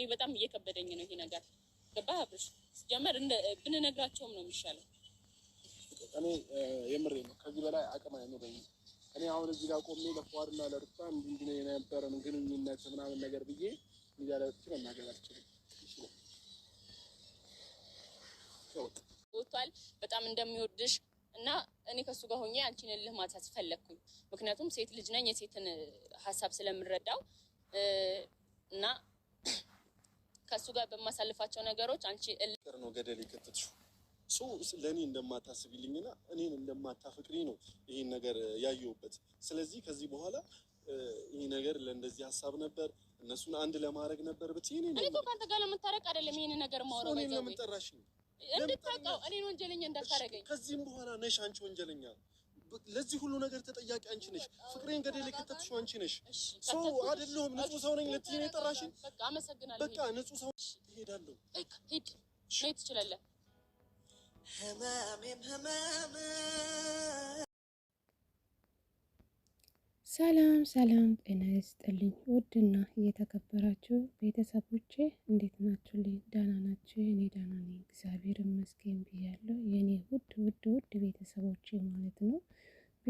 እኔ በጣም እየከበደኝ ነው ይሄ ነገር። ገባህ አብርሽ? ሲጀመር ብንነግራቸውም ነው የሚሻለው። እኔ የምሬ ነው። ከዚህ በላይ አቅም አይኖረኝም። እኔ አሁን እዚህ ጋር ቆሜ ለፏርና ለርሳ እንዲህ ነው የነበረን ግንኙነት ምናምን ነገር ብዬ እንዲያለች መናገር አልችልም። ወጥቷል በጣም እንደሚወድሽ እና እኔ ከሱ ጋር ሆኜ አንቺን እልህ ማንሳት ፈለግኩኝ። ምክንያቱም ሴት ልጅ ነኝ የሴትን ሀሳብ ስለምረዳው እና ከእሱ ጋር በማሳልፋቸው ነገሮች አንቺ ፍቅር ነው ገደል የከተትሹ ለእኔ እንደማታስብልኝና እኔን እንደማታፍቅሪ ነው ይህን ነገር ያየሁበት። ስለዚህ ከዚህ በኋላ ይህ ነገር ለእንደዚህ ሀሳብ ነበር እነሱን አንድ ለማድረግ ነበር ብት እኔ እኮ ከአንተ ጋር ለምታረቅ አይደለም ይህን ነገር ማውረው ለምን ጠራሽ? እንድታውቀው እኔን ወንጀለኛ እንዳታረገኝ። ከዚህም በኋላ ነሽ አንቺ ወንጀለኛ ለዚህ ሁሉ ነገር ተጠያቂ አንቺ ነሽ። ፍቅሬን ገደል የከተትሽው አንቺ ነሽ። ሰው አይደለሁም። ንጹህ ሰው ነኝ። ለዚህ ነው የጠራሽኝ። በቃ አመሰግናለሁ። በቃ ንጹህ ሰው ይሄዳለሁ። በቃ ሂድ፣ ሄድ ትችላለህ። ህመሜም ህመም ሰላም ሰላም፣ ጤና ይስጥልኝ ውድና እየተከበራችሁ ቤተሰቦቼ እንዴት ናችሁልኝ? ደህና ናችሁ? የኔ ደህና ነኝ እግዚአብሔር ይመስገን ብያለሁ። የኔ ውድ ውድ ውድ ቤተሰቦቼ ማለት ነው።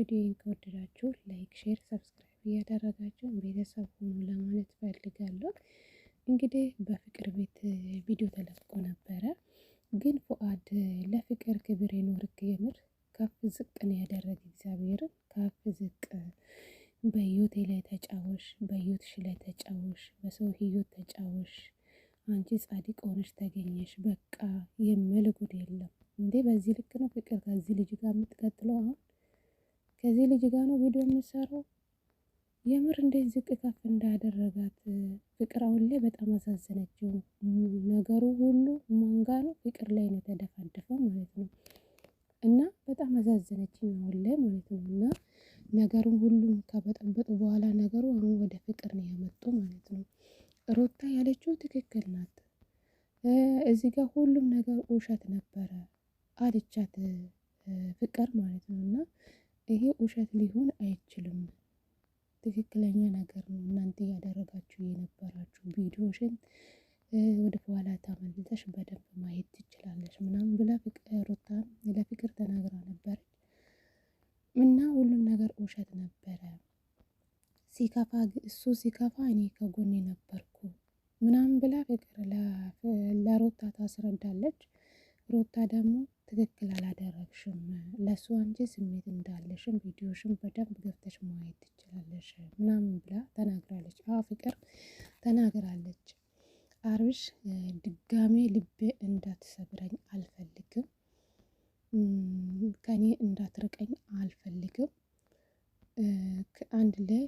ቪዲዮን ከወደዳችሁ ላይክ፣ ሼር፣ ሰብስክራይብ እያደረጋችሁ ቤተሰብ ሁኑ ለማለት ፈልጋለሁ። እንግዲህ በፍቅር ቤት ቪዲዮ ተለቆ ነበረ። ግን ፉአድ ለፍቅር ክብር ይኖርክ፣ የምር ከፍ ነው ያደረገ እግዚአብሔርን ከፍ ዝቅ በህይወቴ ላይ ተጫወሽ፣ በህይወትሽ ላይ ተጫወሽ፣ በሰው ህይወት ተጫወሽ። አንቺ ጻድቅ ሆነሽ ተገኘሽ። በቃ የምል የለም እንዴ! በዚህ ልክ ነው ፍቅር ከዚህ ልጅ ጋር የምትቀጥለው አሁን ከዚህ ልጅ ጋር ነው ቪዲዮ የምሰራው። የምር እንዴት ዝቅ ከፍ እንዳደረጋት ፍቅር አሁን ላይ በጣም አሳዘነችው። ነገሩ ሁሉ ማንጋ ነው ፍቅር ላይ ነው የተደፋደፈው ማለት ነው። እና በጣም አሳዘነችኝ አሁን ላይ ማለት ነው። እና ነገሩን ሁሉም ከበጠበጡ በኋላ ነገሩ አሁን ወደ ፍቅር ነው ያመጡ ማለት ነው። ሮታ ያለችው ትክክል ናት። እዚህ ጋር ሁሉም ነገር ውሸት ነበረ አለቻት ፍቅር ማለት ነው እና ይሄ ውሸት ሊሆን አይችልም። ትክክለኛ ነገር ነው። እናንተ እያደረጋችሁ የነበራችሁ ቪዲዮሽን ወደ በኋላ ተመልሰሽ በደንብ ማየት ትችላለች ምናምን ብላ ሩታን ለፍቅር ተናግራ ነበረች እና ሁሉም ነገር ውሸት ነበረ። ሲከፋ እሱ ሲከፋ እኔ ከጎኔ ነበርኩ ምናምን ብላ ፍቅር ለሩታ ታስረዳለች። ሩታ ደግሞ ትክክል አላደረግሽም፣ ለሱ አንቺ ስሜት እንዳለሽም ቪዲዮሽን በደንብ ገብተሽ ማየት ትችላለሽ ምናምን ብላ ተናግራለች። አዎ ፍቅር ተናግራለች። አብርሽ ድጋሜ ልቤ እንዳትሰብረኝ አልፈልግም፣ ከኔ እንዳትርቀኝ አልፈልግም። አንድ ላይ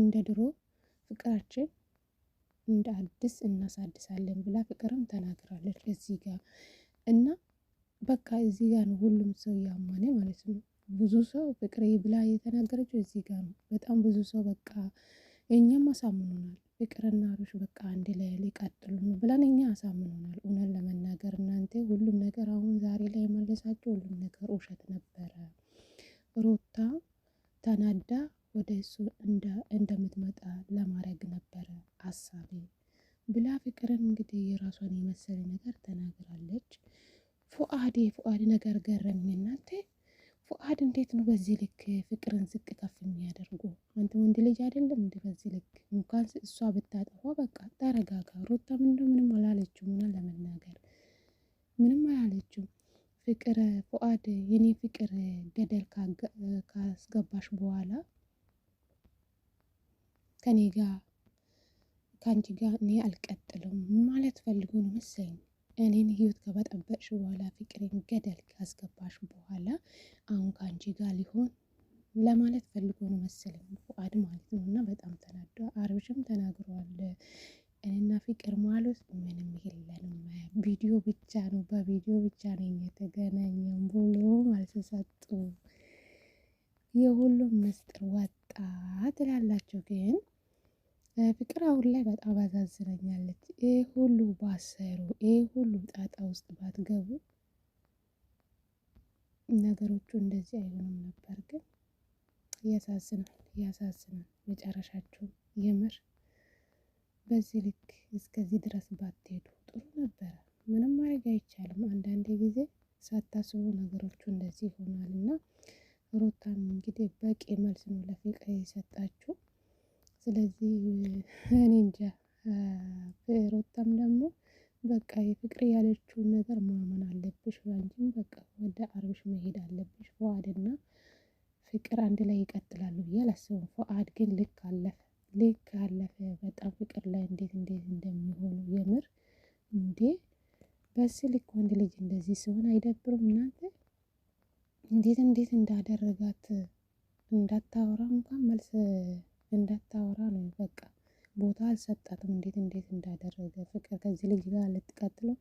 እንደ ድሮ ፍቅራችን እንደ አዲስ እናሳድሳለን ብላ ፍቅርም ተናግራለች። እዚህ ጋር እና በቃ እዚህ ጋር ነው ሁሉም ሰው ያመነ ማለት ነው። ብዙ ሰው ፍቅሬ ብላ የተናገረችው እዚህ ጋር ነው። በጣም ብዙ ሰው በቃ እኛም አሳምኖናል። ፍቅርና አብርሽ በቃ አንድ ላይ ሊቀጥሉ ነው ብለን እኛ አሳምኖናል። እውነት ለመናገር እናንተ ሁሉም ነገር አሁን ዛሬ ላይ የመለሳቸው ሁሉም ነገር ውሸት ነበረ። ሩታ ተናዳ ወደ እሱ እንደምትመጣ ለማድረግ ነበር ራሷን የመሰለ ነገር ተናግራለች። ፉአድ ነገር ገረመኝ። እናንተ ፉአድ እንዴት ነው በዚህ ልክ ፍቅርን ዝቅ ከፍ የሚያደርጉ? አንተ ወንድ ልጅ አይደለም እንደ በዚህ ልክ እንኳን እሷ ብታጠፋ በቃ ተረጋጋ። ሩታ ምንድን ምንም አላለችው። ምና ለመናገር ምንም አላለችው። ፍቅር ፉአድ የኔ ፍቅር ገደል ካስገባሽ በኋላ ከኔ ጋር ከአንቺ ጋር እኔ አልቀጥልም ማለት ፈልጎ ነው መሰለኝ። እኔን ህይወት ከበጠበጥሽ በኋላ ፍቅሬን ገደል ካስገባሽ በኋላ አሁን ከአንቺ ጋር ሊሆን ለማለት ፈልጎ ነው መሰለኝ ፉአድ ማለት ነው። እና በጣም ተናዶ አብርሽም ተናግሯል። እኔና ፍቅር ማለት ምንም የለንም፣ ቪዲዮ ብቻ ነው፣ በቪዲዮ ብቻ ነው የተገናኘን ብሎ ማለት ሰጡ። የሁሉም ምስጢር ወጣ ትላላቸው ግን ፍቅር አሁን ላይ በጣም አሳዝነኛለች። ይህ ሁሉ ባሰሩ፣ ይህ ሁሉ ጣጣ ውስጥ ባትገቡ ነገሮቹ እንደዚህ አይሆንም ነበር። ግን ያሳዝናል፣ ያሳዝናል። መጨረሻችሁ የምር በዚህ ልክ እስከዚህ ድረስ ባትሄዱ ጥሩ ነበረ። ምንም ማድረግ አይቻልም። አንዳንድ ጊዜ ሳታስቡ ነገሮቹ እንደዚህ ይሆናል እና ሩታም እንግዲህ በቂ መልስ ነው ለፍቅር የሰጣችሁ። ስለዚህ እኔ እንጃ ሩታም ደግሞ በቃ የፍቅር ያለችውን ነገር ማመን አለብሽ። ወንድም በቃ ወደ አብርሽ መሄድ አለብሽ። ፉአድና ፍቅር አንድ ላይ ይቀጥላሉ ብዬ አላስብም። ፉአድ ግን ልክ አለፈ፣ ልክ አለፈ። በጣም ፍቅር ላይ እንዴት እንዴት እንደሚሆኑ የምር እንዴ! በስ ልክ ወንድ ልጅ እንደዚህ ሲሆን አይደብርም? እናንተ እንዴት እንዴት እንዳደረጋት እንዳታወራ እንኳን መልስ እንዳታወራ ነው በቃ ቦታ አልሰጣትም። እንዴት እንዴት እንዳደረገ ፍቅር ከዚህ ልጅ ጋር ልትቀጥለው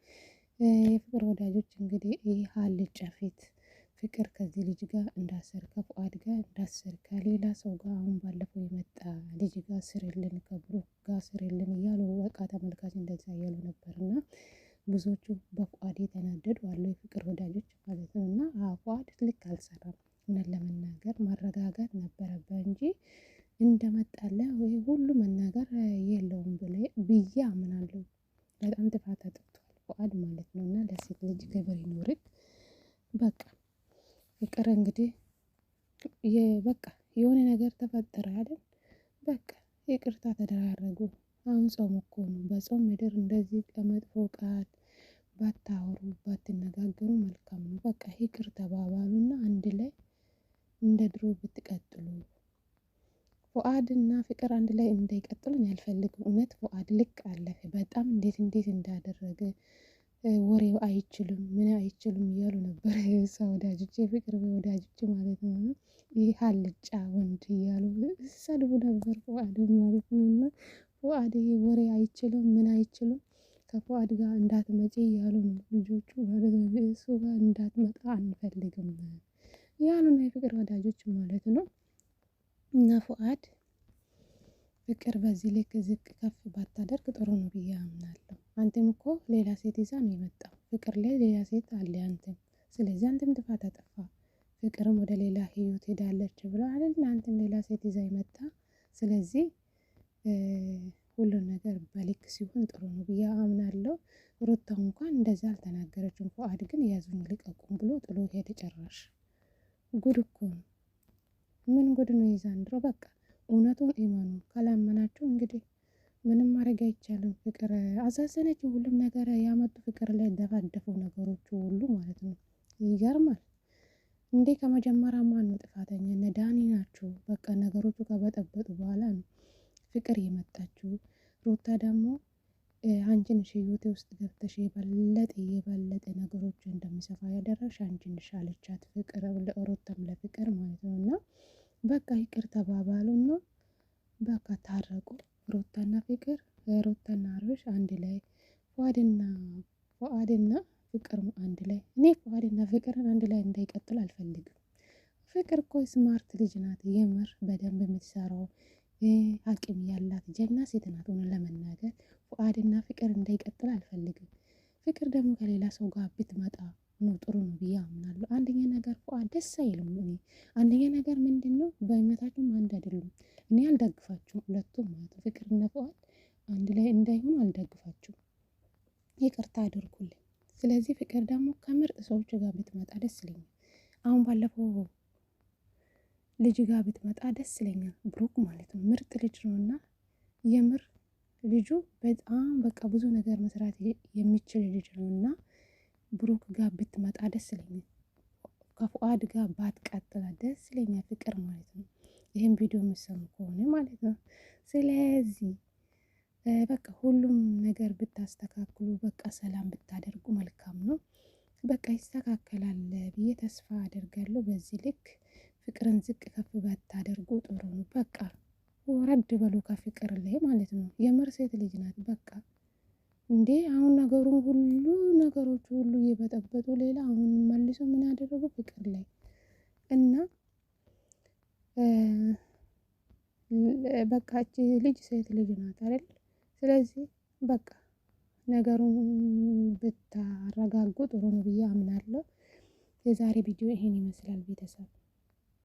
የፍቅር ወዳጆች እንግዲህ ይህ አልጫ ፊት ፍቅር ከዚህ ልጅ ጋር እንዳሰር ፉአድ ጋር እንዳሰር ከሌላ ሰው ጋር አሁን ባለፈው የመጣ ልጅ ጋር ስርልን ከብሩክ ጋር ስርልን እያሉ በቃ ተመልካች እንደዛ እያሉ ነበር እና ብዙዎቹ በፉአድ የተናደዱ አሉ የፍቅር ወዳጆች ማለት ነው። እና ፉአድ ልክ አልሰራም፣ እውነት ለመናገር ማረጋጋት ነበረበት እንጂ እንደመጣለ ወይ ሁሉምን ነገር የለውም ብዬ አምናለሁ። በጣም ጥፋት አጥፍቷል ፉአድ ማለት ነው። እና ለሴት ልጅ ክብር ይኑርክ። በቃ ፍቅር እንግዲህ በቃ የሆነ ነገር ተፈጠረ አይደል? በቃ ይቅርታ ተደራረጉ። አሁን ጾም እኮ ነው። በጾም ምድር እንደዚህ ከመጥፎ ቃል ባታወሩ ባትነጋገሩ መልካም ነው። በቃ ይቅር ተባባሉና አንድ ላይ እንደ ድሮ ብትቀጥሉ ፉአድ እና ፍቅር አንድ ላይ እንዳይቀጥሉ እኔ እውነት ፉአድ ልክ አለፈ። በጣም እንዴት እንዴት እንዳደረገ ወሬው አይችልም ምን አይችልም እያሉ ነበር እሷ ወዳጅቼ ፍቅር ወዳጅቼ ማለት ነው እና ይህ አልጫ ወንድ እያሉ ሰድቡ ነበር ፉአድ ማለት ነው እና ፉአድ ይህ ወሬ አይችልም ምን አይችልም ከፉአድ ጋር እንዳትመጪ እያሉ ነው ልጆቹ እሱ ጋር እንዳትመጣ አንፈልግም እያሉ ነው የፍቅር ወዳጆች ማለት ነው። እና ፉአድ ፍቅር በዚህ ልክ ዝቅ ከፍ ባታደርግ ጥሩ ነው ብዬ አምናለሁ። አንተም እኮ ሌላ ሴት ይዛ ነው የመጣው። ፍቅር ላይ ሌላ ሴት አለ አንተም። ስለዚህ አንተም ጥፋት አጠፋ። ፍቅርም ወደ ሌላ ህይወት ሄዳለች ብሎ አይደል አንተም ሌላ ሴት ይዛ የመጣ ስለዚህ ሁሉን ነገር በልክ ሲሆን ጥሩ ነው ብዬ አምናለሁ። ሩታ እንኳን እንደዛ አልተናገረችም። ፉአድ ግን ያዙኝ ልቀቁም ብሎ ጥሎ ሄደ። ጨራሽ ጉድ እኮ ነው። ምን ጉድ ነው የዛንድሮ! በቃ እውነቱን እመኑ። ካላመናችሁ እንግዲህ ምንም ማድረግ አይቻልም። ፍቅር አሳዘነች። ሁሉም ነገር ያመጡ ፍቅር ላይ ደፋደፉ ነገሮቹ ሁሉ ማለት ነው። ይገርማል እንዴ! ከመጀመሪያ ማን ነው ጥፋተኛ? እነ ዳኒ ናቸው። በቃ ነገሮቹ ከበጠበጡ በኋላ ነው ፍቅር የመጣችው። ሩታ ደግሞ አንቺ ነሽ ህይወቴ ውስጥ ገብተሽ የበለጠ የበለጠ ነገሮች እንደሚሰፋ ያደረግሽ አንቺ ነሽ አለቻት። ፍቅር ለሩታም ለፍቅር ማለት ነው። እና በቃ ይቅር ተባባሉ እና በቃ ታረቁ። ሮተና ፍቅር ሮተና አብርሽ አንድ ላይ ፏድና ፏድና ፍቅር አንድ ላይ እኔ ፏድና ፍቅርን አንድ ላይ እንዳይቀጥል አልፈልግም። ፍቅር እኮ ስማርት ልጅ ናት። የምር በደንብ የምትሰራው አቅም ያላት ጀግና ሴት ናት። ሆነ ለመናገር ፉአድና ፍቅር እንዳይቀጥል አልፈልግም። ፍቅር ደግሞ ከሌላ ሰው ጋር ብትመጣ ነው ጥሩ ነው ብዬ አምናለሁ። አንደኛ ነገር ፍቃድ ደስ አይልም። እኔ አንደኛ ነገር ምንድን ነው በእምነታችሁም አንድ አይደሉም። እኔ አልደግፋችሁም ሁለቱም ማለት ፍቅርና ፍቃድ አንድ ላይ እንዳይሆኑ አልደግፋችሁም። ይቅርታ አድርጉልኝ። ስለዚህ ፍቅር ደግሞ ከምርጥ ሰዎች ጋር ብትመጣ ደስ ይለኛል። አሁን ባለፈው ልጅ ጋር ብትመጣ ደስ ይለኛል። ብሩክ ማለት ነው ምርጥ ልጅ ነው እና የምር ልጁ በጣም በቃ ብዙ ነገር መስራት የሚችል ልጅ ነው እና ብሩክ ጋር ብትመጣ ደስ ይለኛል። ከፉአድ ጋር ባትቀጥላ ደስ ይለኛል። ፍቅር ማለት ነው። ይህም ቪዲዮ የምሰሙ ከሆነ ማለት ነው። ስለዚህ በቃ ሁሉም ነገር ብታስተካክሉ፣ በቃ ሰላም ብታደርጉ መልካም ነው። በቃ ይስተካከላል ብዬ ተስፋ አደርጋለሁ በዚህ ልክ ፍቅርን ዝቅ ከፍ ባታደርጉ ጥሩ ነው። በቃ ወረድ በሉ ከፍቅር ላይ ማለት ነው። የምር ሴት ልጅ ናት። በቃ እንዴ አሁን ነገሩን ሁሉ ነገሮች ሁሉ እየበጠበጡ ሌላ አሁን መልሶ ምን ያደረጉ ፍቅር ላይ እና በቃ እቺ ልጅ ሴት ልጅ ናት አይደል? ስለዚህ በቃ ነገሩን ብታረጋጉ ጥሩ ነው ብዬ አምናለሁ። የዛሬ ቪዲዮ ይሄን ይመስላል ቤተሰብ።